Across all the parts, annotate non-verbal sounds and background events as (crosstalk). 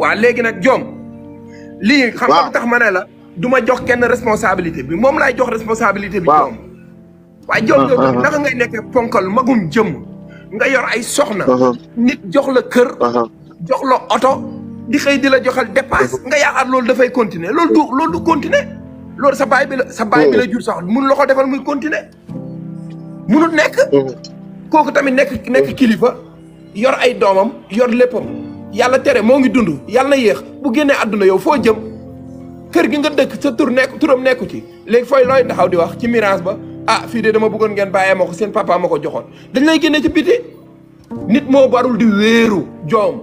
waa léegi nag joom lii xam nga tax ma ne la du ma jox kenn responsabilité bi moom laay jox responsabilité bi joom waaye joom yow naka ngay nekk ponkal magum jëm nga yor ay soxna nit jox la kër jox la oto di xëy di la joxal dépasse nga yaakaar loolu dafay continuer loolu du loolu loolu sa baay bi la sa baay bi la jur sax mun la ko defal muy continuer munul nekk kooku tamit nekk nekk kilifa yor ay doomam yor léppam yàlla tere moo ngi dund yàlla yéex bu génnee àdduna yow foo jëm kër gi nga dëkk sa tur nekk turam nekku ci léegi foo looy taxaw di wax ci mirage ba ah fii de dama bëggoon ngeen bàyyee ma ko seen papa ma ko joxoon dañ lay génne ci biti nit moo barul di wéeru joom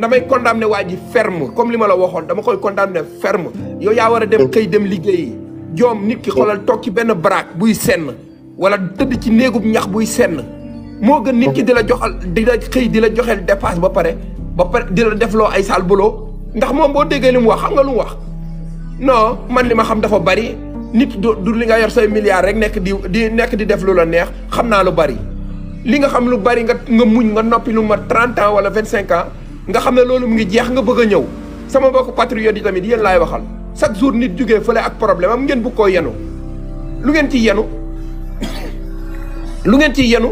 damay ne waa ji ferme comme li ma la waxoon dama koy condamné ferm yow yaa war a dem xëy dem liggéeyi joom nit ki xoolal toog ci benn baraak buy senn wala tëdd ci néegub ñax buy senn moo gën nit ki di joxal di xëy di la joxeel dépasse ba pare ba pare di la defloo ay sale bulo ndax moom boo déggee li mu wax xam nga lu mu wax non man li ma xam dafa bari nit du li nga yor say milliards rek nekk di di nekk di def lu la neex xam naa lu bari. li nga xam lu bari nga nga muñ nga noppi lu ma 30 ans wala 25 ans nga xam ne loolu mu ngi jeex nga bëgg a ñëw sama mbokku patriote yi tamit yéen laay waxal chaque jour nit jógee fële ak problème am ngeen bëgg koo yenu lu ngeen ciy yenu lu ngeen ciy yenu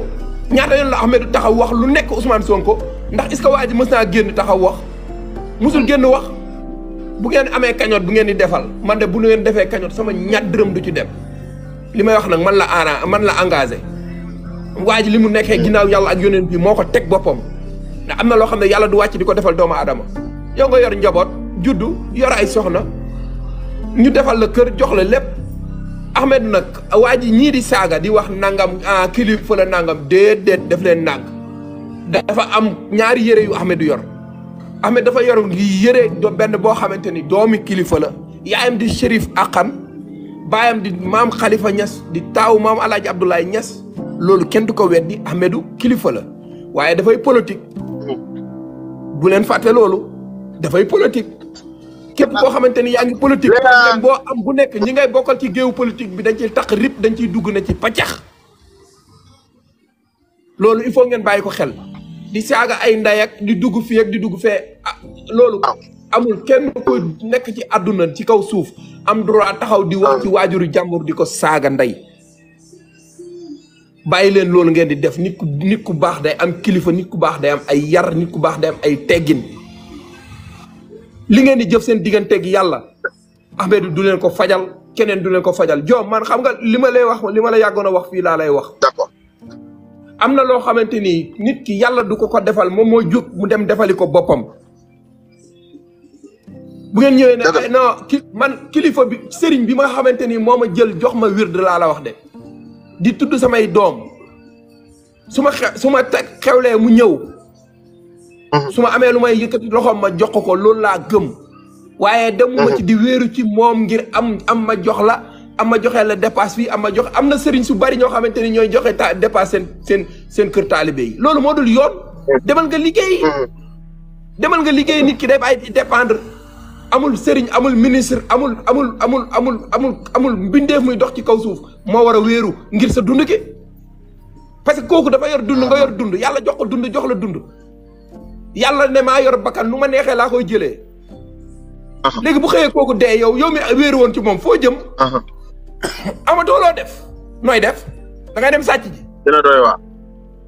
ñaata yoon la Ahmed taxaw wax lu nekk Ousmane Sonko. ndax est-ce que waa ji mës naa génn taxaw wax musul génn wax bu ngeen amee cagnotte bu ngeen di defal man de bu ngeen defee cagnotte sama ñaat dërëm du ci dem li may wax nag man la ara man la engagé waa ji li mu nekkee ginnaaw yàlla ak yonent bi moo ko teg boppam ndax am na loo xam ne yàlla du wàcc di ko defal doomu aadama yow nga yor njaboot juddu yor ay soxna ñu defal la kër jox la lépp Ahmed nag waa ji ñii di saaga di wax nangam ah kilifa la nangam déedéet def leen nàng dafa am ñaari yére yu Ahmed yor Ahmed dafa yor yére doo benn boo xamante ni doomi kilifa la yaayam di Chérif Akan baayam di maam xalifa Niass di taaw maam El Hadj Abdoulaye Niass loolu kenn du ko weddi Ahmedu kilifa la waaye dafay politique bu leen fàtte loolu dafay politique. képp koo xamante ni yaa ngi politique problème boo am bu nekk ñi ngay bokkal ci géewu politique bi dañ ciy taq rip dañ ciy dugg na ci paccax loolu il faut ngeen bàyyi ko xel di saaga ay nday ak di dugg fi ak di dugg fee ah, loolu ah. amul kenn koy nekk ci àdduna ci kaw suuf am droit taxaw di wax ci ah. waajuru jàmbur di ko saaga ndey bàyyi leen loolu ngeen di def nit ku ku baax day am kilifa nit ku baax day am ay yar nit ku baax day am ay teggin li ngeen di jëf seen digganteeg yàlla Ahmed du leen ko fajal keneen du leen ko fajal joom man xam nga li ma lay wax li ma la yàggoon wax fii laa lay wax d'accord am na loo xamante ni nit ki yàlla du ko ko defal moom moo jóg mu dem defali ko boppam. bu ngeen ñëwee ne eh, non man kilifa bi sëriñ bi ma xamante ni moo ma jël jox ma wird laa la wax de. di tudd samay doom su ma xe su ma teg xewlee mu ñëw. Mhm. su ma amee lu may yëkkati loxoom ma jox ko loolu laa gëm. waaye demuma mhm. ci di wéeru ci moom ngir am am ma jox la. am ama joxe la dépasse fii ama joxe am na sëriñ su bari ñoo xamante ni ñooy joxe ta dépasse seen seen kër taalibe yi loolu moo dul yoon. demal nga liggéey. demal nga liggéey nit ki day bàyyi di dépendre amul sëriñ amul ministre amul amul amul amul amul amul mbindeef muy dox ci kaw suuf moo war a wéeru ngir sa dund ki parce que kooku dafa yor dund nga yor dund yàlla jox ko dund jox la dund yàlla ne maa yor bakkan nu ma neexee laa koy jëlee. léegi bu xëyee kooku dee yow yow mi wéeru woon ci moom foo jëm. (coughs) amatoo dooloo def nooy def da ngay dem sàcc ji. dina doy waar.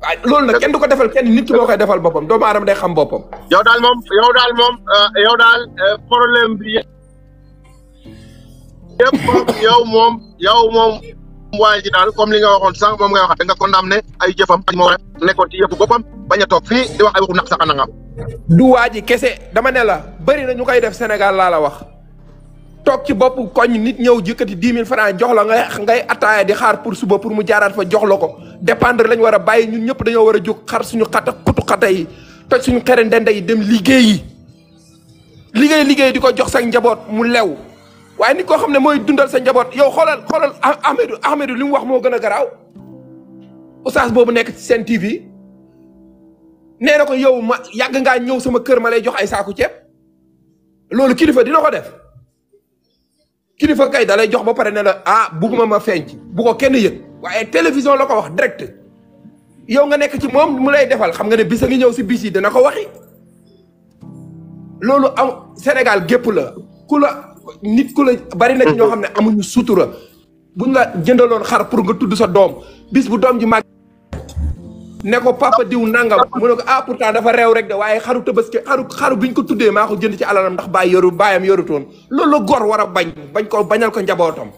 waaw loolu nag kenn du ko defal kenn nit ki boo koy defal boppam doomu aadama day xam boppam. yow daal moom yow daal moom euh, yow daal euh, problème bi yëpp yow moom moom waa ji daal comme li nga waxoon sànq moom ngay wax da nga condamné ay jëfam moo nekkoon ci yëppu boppam bañ a toog fii di wax ay waxu naq sax nangam. du waa ji kese dama ne la bëri na ñu koy def Sénégal laa la wax. toog ci bopp koñ nit ñëw jëkkati dix mille francs jox la ngay ngay di xaar pour suba pour mu jaaraat fa jox la ko dépendre lañu war a bàyyi ñun ñëpp dañoo war a jóg xar suñu xata kutu xata yi toj suñu xere ndende yi dem liggéey yi liggéey liggéey di ko jox sa njaboot mu lew waaye nit koo xam ne mooy dundal sa njaboot yow xoolal xoolal ah- Ahmedou Ahmedou li mu wax moo gën a garaaw oustaz boobu nekk ci seen TV nee na ko yow ma yàgg ngaa ñëw sama kër ma lay jox ay saaku ceeb loolu kilifa dina ko def kilifa kay da lay jox ba pare ne la ah bugguma ma feeñ ci bu ko kenn yëg waaye télévision la ko wax direct yow nga nekk ci moom mu lay defal xam nga ne bis a ngi ñëw si bis yi dana ko waxi loolu am Sénégal gépp la ku la nit ku la bari na ñoo xam ne amuñu sutura buñ la jëndaloon xar pour nga tudd sa doom bis bu doom ji màgg ne ko papa diw nangam mu ne ko ah pourtant dafa réew rek de waaye xaru tabaski xaru xaru biñ ko tuddee maa ko jënd ci alalam ndax baay yoru baayam yorutoon loolu la góor war a bañ bañ ko bañal ko njabootam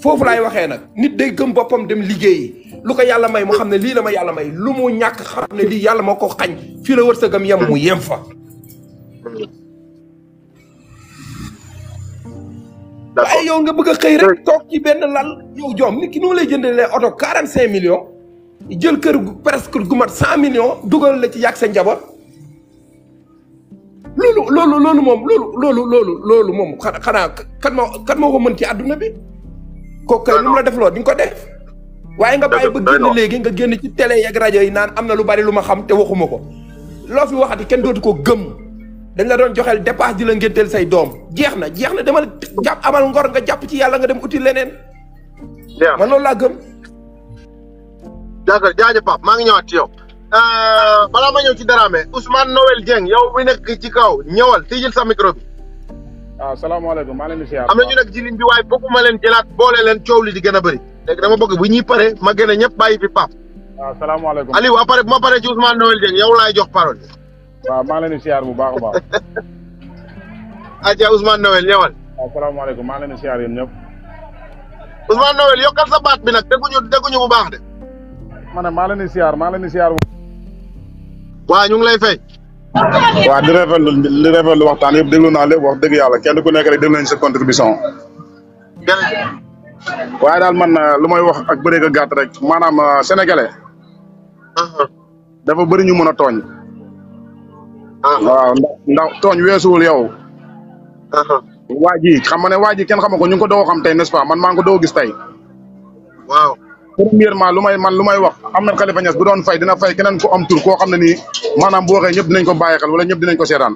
foofu laay waxee nag nit day gëm boppam dem liggéeyi lu ko yàlla may mu xam ne lii la ma yàlla may lu mu ñàkk xam ne lii yàlla moo ko xañ fii la wërsëgam yem mu yem fa waaye yow nga bëgg a xëy rek toog ci benn lal yow joom nit ki nu lay jëndalee oto quarante cinq millions jël kër gu presque gu mat cent dugal la ci yàgg sa njaboot loolu loolu loolu moom loolu loolu loolu loolu moom xanaa kat moo kan moo ko mën ci àdduna bi kooku lu mu def loolu di nga ko def waaye nga bàyyi ba génn léegi nga génn ci télé yeeg rajo yi naan am na lu bari lu ma xam waxuma ko loo fi waxati kenn dootu ko gëm dañ la doon joxeel dépasse di la ngénteel say doom jeex na jeex na demal jàpp amal ngor nga jàpp ci yàlla nga dem uti leneen man loolu laa gëm d'accord jaajëf Pape maa ngi ñëwaat ci yow euh, balaa ma ñëw ci Dramé Ousmane Noël Dieng yow mi nekk ci kaw ñëwal tijjil sa micro bi. waaw ah, salaamaaleykum maa leen di am na ñu nekk ci ligne bi waaye bokkuma leen jëlaat boole leen coow li di gën a bëri dama bëgg bu ñuy pare ma gën a ñëpp bàyyi fi Pape. waaw ah, salaamaaleykum Aliou waa pare bu ma paree ci Ousmane Noël Dieng yow laay jox parole. waaw maa leen di siyaar bu baax a baax. Adja (laughs) Ousmane Noël ñëwal. waaw ah, salaamaaleykum maa leen di siyaar yéen ñëpp. Ousmane Noël yokkal sa baat bi nag dégguñu dégguñu bu baax de. ma ne maa leen di siyaar maa leen di siyaar. waa ñu ngi lay fay. waa di rafetlu di rafetlu waxtaan yëpp déglu naa lépp wax dëgg yàlla kenn ku nekk rek déglu nañ sa contribution. waaye daal man na lu may wax ak bëreeg a gàtt rek maanaam euh, sénégalais. Uh-huh. dafa bëri ñu mën a tooñ. Uh-huh. waaw ndax tooñ weesuwul yow. Uh-huh. waa ji xam nga ne waa ji kenn xam ko ñu ngi ko doog xam tey nest pas man maa ko doog gis tey. waaw. premièrement lu may man lu may wax Ahmed Khalifa Niass bu doon fay dina fay keneen ku am tur koo xam ne nii maanaam bu waxee ñëpp dinañ ko bàyyi xel wala ñëpp dinañ a seetaan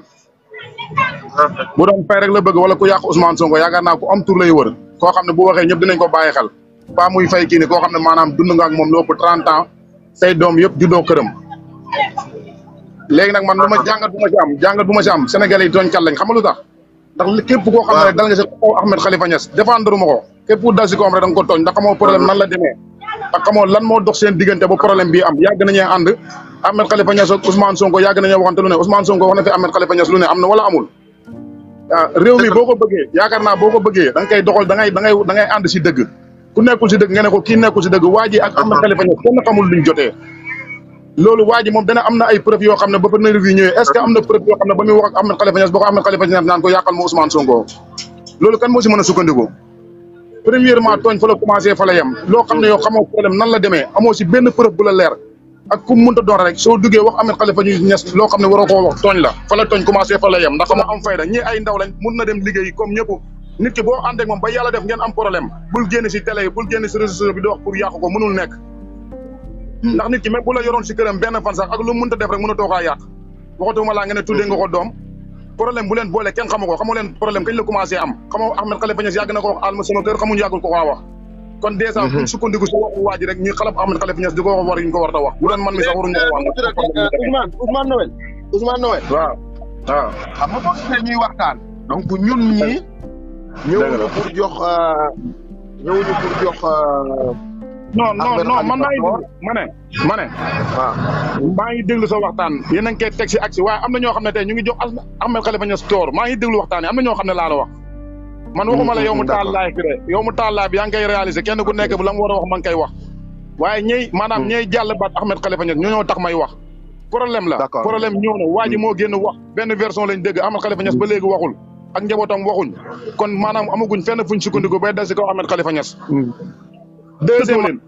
bu doon fay rek la bëgg wala ku yàq Ousmane Sonko yaakaar naa ko am tur lay wër koo xam ne bu waxee ñëpp dinañ a bàyyi xel pas muy fay kii ko xam ne maanaam dund nga ak o lu ëpp 30 ans say doom yëpp juddoo këram léegi nag man lu ma jàngat bu ma ci am jàngat bu ma ci am sénégalais yi tooñkat lañ xam nga lu tax ndax képp koo xam ne rek dal nga si ma ko képp ku dal si kawam rek da la demee ak xamoo lan moo dox seen diggante ba problème bi am yàgg nañu ànd Ahmed Khalifa Niass ak Ousmane Sonko yàgg nañu Sonko wax na fi Ahmed Khalifa Niass lu ne am na wala amul ah réew mi boo ko bëggee naa boo ko bëggee da nga si dëgg ku nekkul si dëgg nga nekkul si dëgg waa ji ak Ahmed Khalifa Niass kenn xamul luñ jotee loolu waa ji moom am na ay preuve yoo xam ne ba fa nervi yi ñëwee est ce que am na preuve yoo xam ne ba muy wax ak Ahmed Khalifa Niass boo ko Ahmed Khalifa Niass naan ko yàqal ma Ousmane Sonko loolu kan moo premièrement tooñ fa la commencé fa la yem xam ne yow xamoo problème nan la demee amoo si benn preuve bu la leer ak ku mënta doon rek soo duggee wax Ahmed Khalifa ñuy ñes loo xam ne waroo koo wax tooñ la fa la tooñ commencé fa la yem ndax xamoo am fayda ñi ay ndaw lañ mun na dem liggéey comme ñëpp nit ki boo ànd ak moom ba yàlla def ngeen am problème bul génn si télé bul génn si réseaux sociaux bi pour yàqu ko mënul ndax nit ki même bu la yoroon si benn fan sax ak lu mënta def rek mën a ne tuddee nga problème bu leen boole ken xamu ko xamu leen problème kañ la commencé am xamoo Ahmed Khalifa Niass yàgg na ko wax alma sama xamuñu yàggul ko waa wax kon dèjà mhm. buñ sukkandiku si waxu rek ñu xalab Ahmed Khalifa Niass di ko wax war ko war a wax bu doon man mi sax waruñu ko wax Ousmane waaw waaw xam nga bokk waxtaan donc ñun ñi ñëwuñu pour jox euh, ñëwuñu pour jox euh, non non non man maa ngi déglu ma ma ne. waaw ah. ngi déglu sa waxtaan yéen a ngi koy teg si ak waaye am na ñoo xam ne tey ñu ngi jox Ahmed Khalifa Niass toor maa ngi déglu waxtaan yi am ne laa la wax. man mm, waxuma la mm, yow mu mm, taal laay yow mu taal laay bi yaa ngi koy réalisé kenn ku nekk bu la mu a wax ma ngi koy wax waaye ñey maanaam ñey jàll baat Ahmed Khalifa Niass ñoo tax may wax. problème la problème ñëw na waa ji moo génn wax benn version lañ dégg Ahmed Khalifa Niass ba léegi waxul ak njabootam waxuñ kon maanaam amaguñ fenn fuñ sukkandiku bay dal si deuxième leen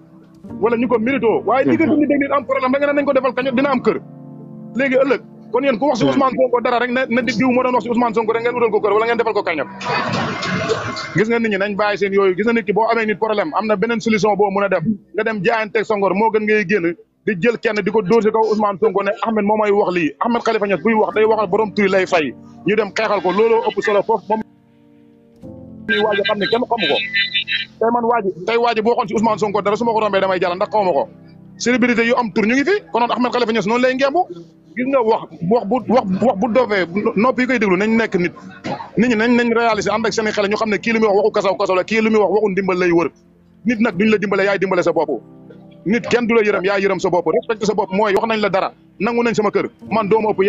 wala ñu ko mérito waaye diggante ni dég leen am problème da nga ne am kër léegi ëllëg kon yéen ku wax si Ousmane Sonko dara rek na na di diw moo doon wax si Ousmane Sonko rek ngeen utal ko kër wala ngeen defal ko kañot gis nga nit nañ bàyyi seen yooyu gis nga nit ki boo amee nit problème am na beneen solution boo mën a dem nga dem jaayanteeg sa ngor moo gën ngay génn di jël kenn di ko dóor si kaw Ousmane Sonko ne Ahmed moo may wax lii Ahmed Khalifa Niass buy wax day waxal borom tur lay fay ñu de xeexal ko looloo ëpp solo foofu moom ñuy waaj xam ne kenn xamu ko tey man waa tey waa ji boo xoon ci Ousmane Sonko dara ko bu wax wax bu nekk nit nit ñi nañ nañ réaliser ànd ak seen xel ñu xam ne kii lu muy wax waxu kasaw kasaw la kii lu muy wax waxu ndimbal lay wër nit la dara nangu nañ sama moo fi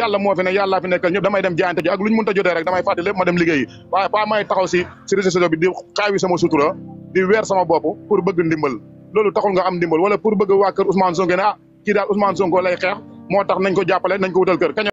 ne yàllaa fi nekkal ñëpp damay dem jaayante ji ak lu ñu ta jotee rek damay fàtte lépp ma dem liggéeyi waaye pas may taxaw si si réseaux sociaux di xaawi sama sutura di weer sama bopp pour bëgg ndimbal loolu taxul nga am ndimbal wala pour bëgg waa kër Ousmane Sonko ne ah Sonko lay xeex moo tax nañ ko jàppale nañ ko wutal kër